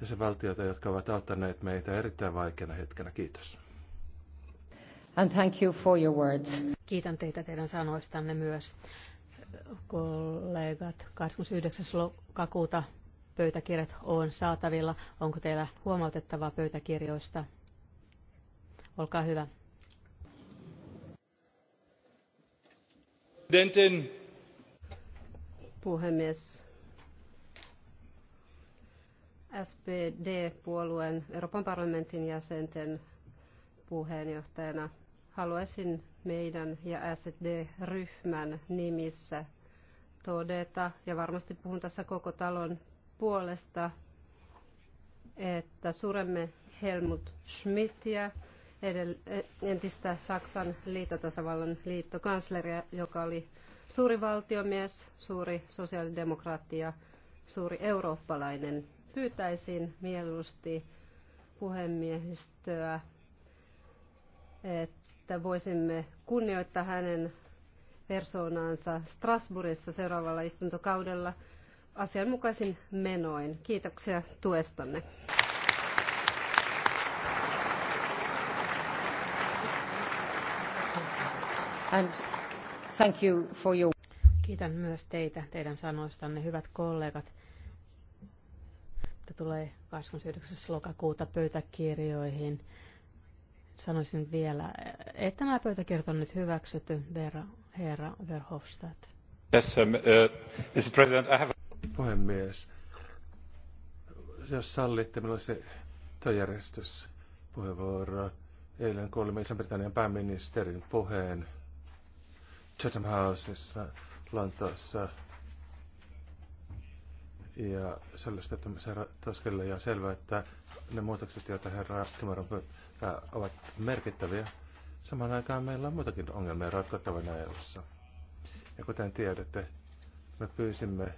jäsenvaltioita, jotka ovat auttaneet meitä erittäin vaikeana hetkenä. Kiitos. And thank you for your words. Kiitän teitä teidän sanoistanne myös, kollegat. 29. lokakuuta pöytäkirjat on saatavilla. Onko teillä huomautettavaa pöytäkirjoista? Olkaa hyvä. Puhemies, SPD-puolueen Euroopan parlamentin jäsenten puheenjohtajana haluaisin meidän ja SD-ryhmän nimissä todeta, ja varmasti puhun tässä koko talon puolesta, että suremme Helmut Schmidtia, entistä Saksan liitotasavallan liittokansleria, joka oli suuri valtiomies, suuri sosiaalidemokraatti ja suuri eurooppalainen pyytäisin mieluusti puhemiehistöä, että voisimme kunnioittaa hänen persoonaansa Strasbourgissa seuraavalla istuntokaudella asianmukaisin menoin. Kiitoksia tuestanne. And thank you for your... Kiitän myös teitä teidän sanoistanne, hyvät kollegat mitä tulee 29. lokakuuta pöytäkirjoihin, sanoisin vielä, että tämä pöytäkirja on nyt hyväksytty, Vera, herra Verhofstadt. Yes, um, uh, Mr. President, I have... Puhemies, jos sallitte, minulla se puheenvuoro. Eilen kuulimme Iso-Britannian pääministerin puheen Chatham Houseissa Lontoossa ja sellaista, että herra Taskelle ja selvää, että ne muutokset, joita herra Kimaron pyytää, ovat merkittäviä. Samaan aikaan meillä on muitakin ongelmia ratkottavana EU-ssa. Ja kuten tiedätte, me pyysimme,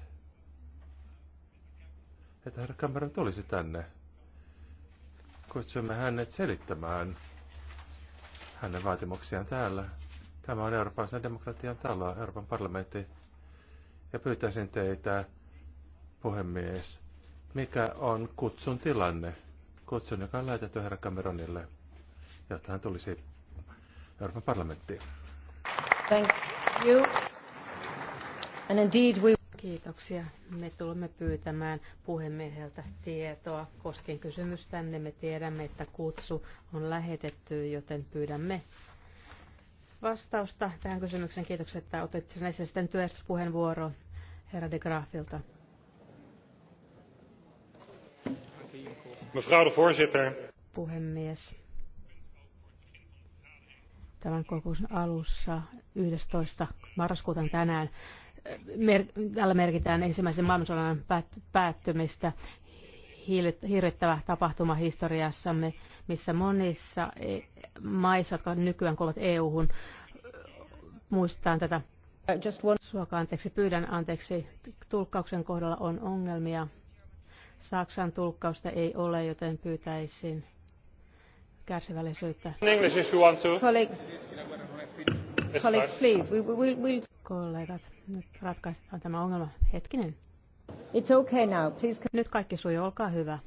että herra Cameron tulisi tänne. Kutsumme hänet selittämään hänen vaatimuksiaan täällä. Tämä on Euroopan demokratian talo, Euroopan parlamentti. Ja pyytäisin teitä puhemies. Mikä on kutsun tilanne? Kutsun, joka on lähetetty herra Cameronille, jotta hän tulisi Euroopan parlamenttiin. Thank you. And indeed we... Kiitoksia. Me tulemme pyytämään puhemieheltä tietoa koskien kysymystänne. Me tiedämme, että kutsu on lähetetty, joten pyydämme vastausta tähän kysymykseen. Kiitoksia, että otitte sen esille sitten puheenvuoro herra de Graafilta. Mevrouw de voorzitter. Puhemies. Tämän kokouksen alussa 11. marraskuuta tänään mer- tällä merkitään ensimmäisen maailmansodan päättymistä hirvittävä tapahtuma historiassamme, missä monissa e-, maissa, jotka nykyään kuuluvat EU-hun, muistetaan tätä. Just one... Suokaa anteeksi, pyydän anteeksi. Tulkkauksen kohdalla on ongelmia. Saksan tulkkausta ei ole, joten pyytäisin kärsivällisyyttä. English, if you want to. Colleagues, Colleagues please. We, we, we'll... Kollegat, nyt ratkaistaan tämä ongelma. Hetkinen. It's okay now. Please... Nyt kaikki sujuu, olkaa hyvä.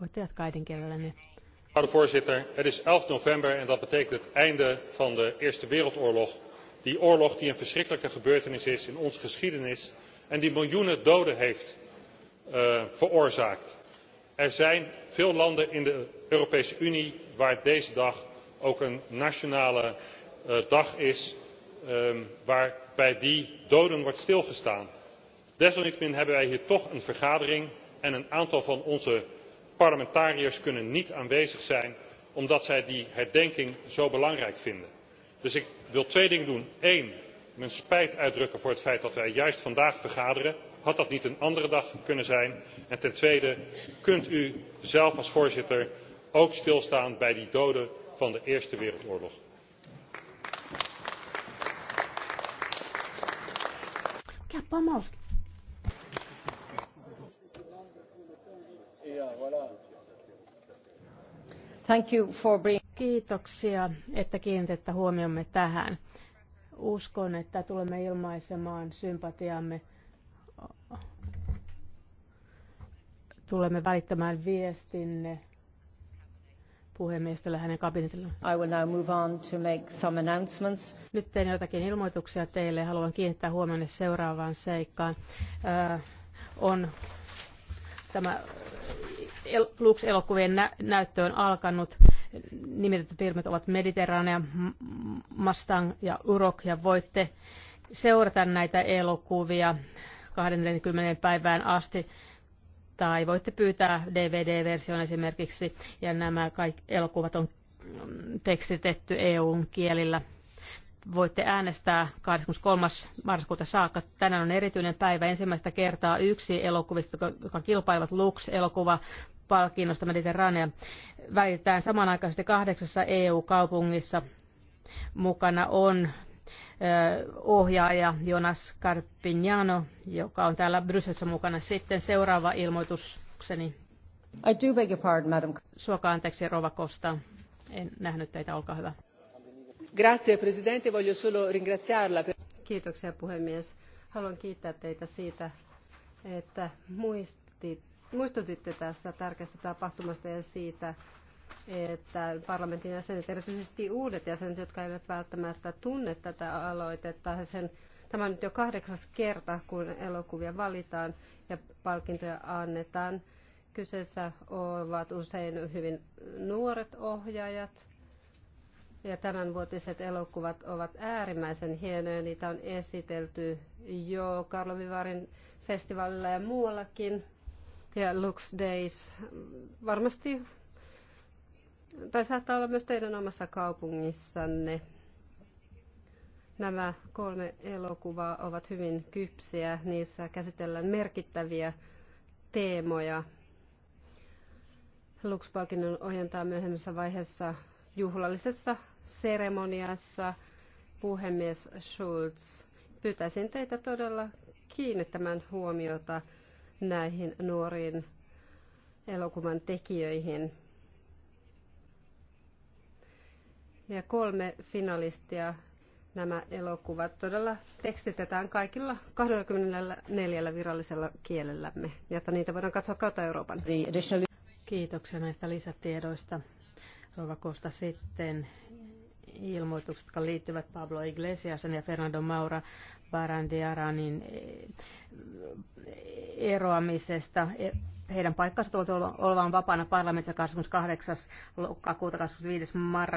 Voitte jatkaa Arvoisa Voorzitter, het is 11 november en dat betekent het einde van de Eerste Wereldoorlog. Die oorlog die een verschrikkelijke gebeurtenis is in onze geschiedenis en die miljoenen doden heeft Eh, veroorzaakt. er zijn veel landen in de europese unie waar deze dag ook een nationale eh, dag is ehm, waar bij die doden wordt stilgestaan. desalniettemin hebben wij hier toch een vergadering en een aantal van onze parlementariërs kunnen niet aanwezig zijn omdat zij die herdenking zo belangrijk vinden. dus ik wil twee dingen doen mijn spijt uitdrukken voor het feit dat wij juist vandaag vergaderen. had dat niet een andere dag kunnen zijn? en ten tweede kunt u zelf als voorzitter ook stilstaan bij die doden van de eerste wereldoorlog? Kiitoksia, että kiinnitätte huomiomme tähän uskon, että tulemme ilmaisemaan sympatiamme, tulemme välittämään viestinne puhemiestä hänen kabinetillaan. I will now move on to make some announcements. Nyt teen jotakin ilmoituksia teille haluan kiinnittää huomioon seuraavaan seikkaan. Äh, on tämä Lux-elokuvien nä- näyttö on alkanut nimitetyt filmit ovat Mediterranea, Mustang ja Urok, ja voitte seurata näitä elokuvia 20 päivään asti tai voitte pyytää DVD-version esimerkiksi, ja nämä kaikki elokuvat on mm, tekstitetty EUn kielillä. Voitte äänestää 23. marraskuuta saakka. Tänään on erityinen päivä ensimmäistä kertaa yksi elokuvista, joka kilpailevat Lux-elokuva palkinnosta Mediterranea välitetään samanaikaisesti kahdeksassa EU-kaupungissa. Mukana on ohjaaja Jonas Carpignano, joka on täällä Brysselissä mukana. Sitten seuraava ilmoitukseni. I do beg your pardon, madam. Suokaa anteeksi, Rova Kosta. En nähnyt teitä, olkaa hyvä. Grazie, presidente. Voglio solo ringraziarla. Kiitoksia, puhemies. Haluan kiittää teitä siitä, että muistit muistutitte tästä tärkeästä tapahtumasta ja siitä, että parlamentin jäsenet, erityisesti uudet jäsenet, jotka eivät välttämättä tunne tätä aloitetta, sen, tämä on nyt jo kahdeksas kerta, kun elokuvia valitaan ja palkintoja annetaan. Kyseessä ovat usein hyvin nuoret ohjaajat, ja tämänvuotiset elokuvat ovat äärimmäisen hienoja. Niitä on esitelty jo Karlovivarin festivaalilla ja muuallakin ja Lux Days. Varmasti, tai saattaa olla myös teidän omassa kaupungissanne. Nämä kolme elokuvaa ovat hyvin kypsiä. Niissä käsitellään merkittäviä teemoja. Lux-palkinnon ojentaa myöhemmässä vaiheessa juhlallisessa seremoniassa puhemies Schulz. Pyytäisin teitä todella kiinnittämään huomiota näihin nuoriin elokuvan tekijöihin. Ja kolme finalistia nämä elokuvat todella tekstitetään kaikilla 24 virallisella kielellämme, jotta niitä voidaan katsoa kautta Euroopan. Kiitoksia näistä lisätiedoista. Rova Kosta sitten ilmoitukset, jotka liittyvät Pablo Iglesiasen ja Fernando Maura Barandiaranin eh, eroamisesta. E, heidän paikkansa tuolta olevan vapaana parlamentissa 28. lokakuuta 25. marras.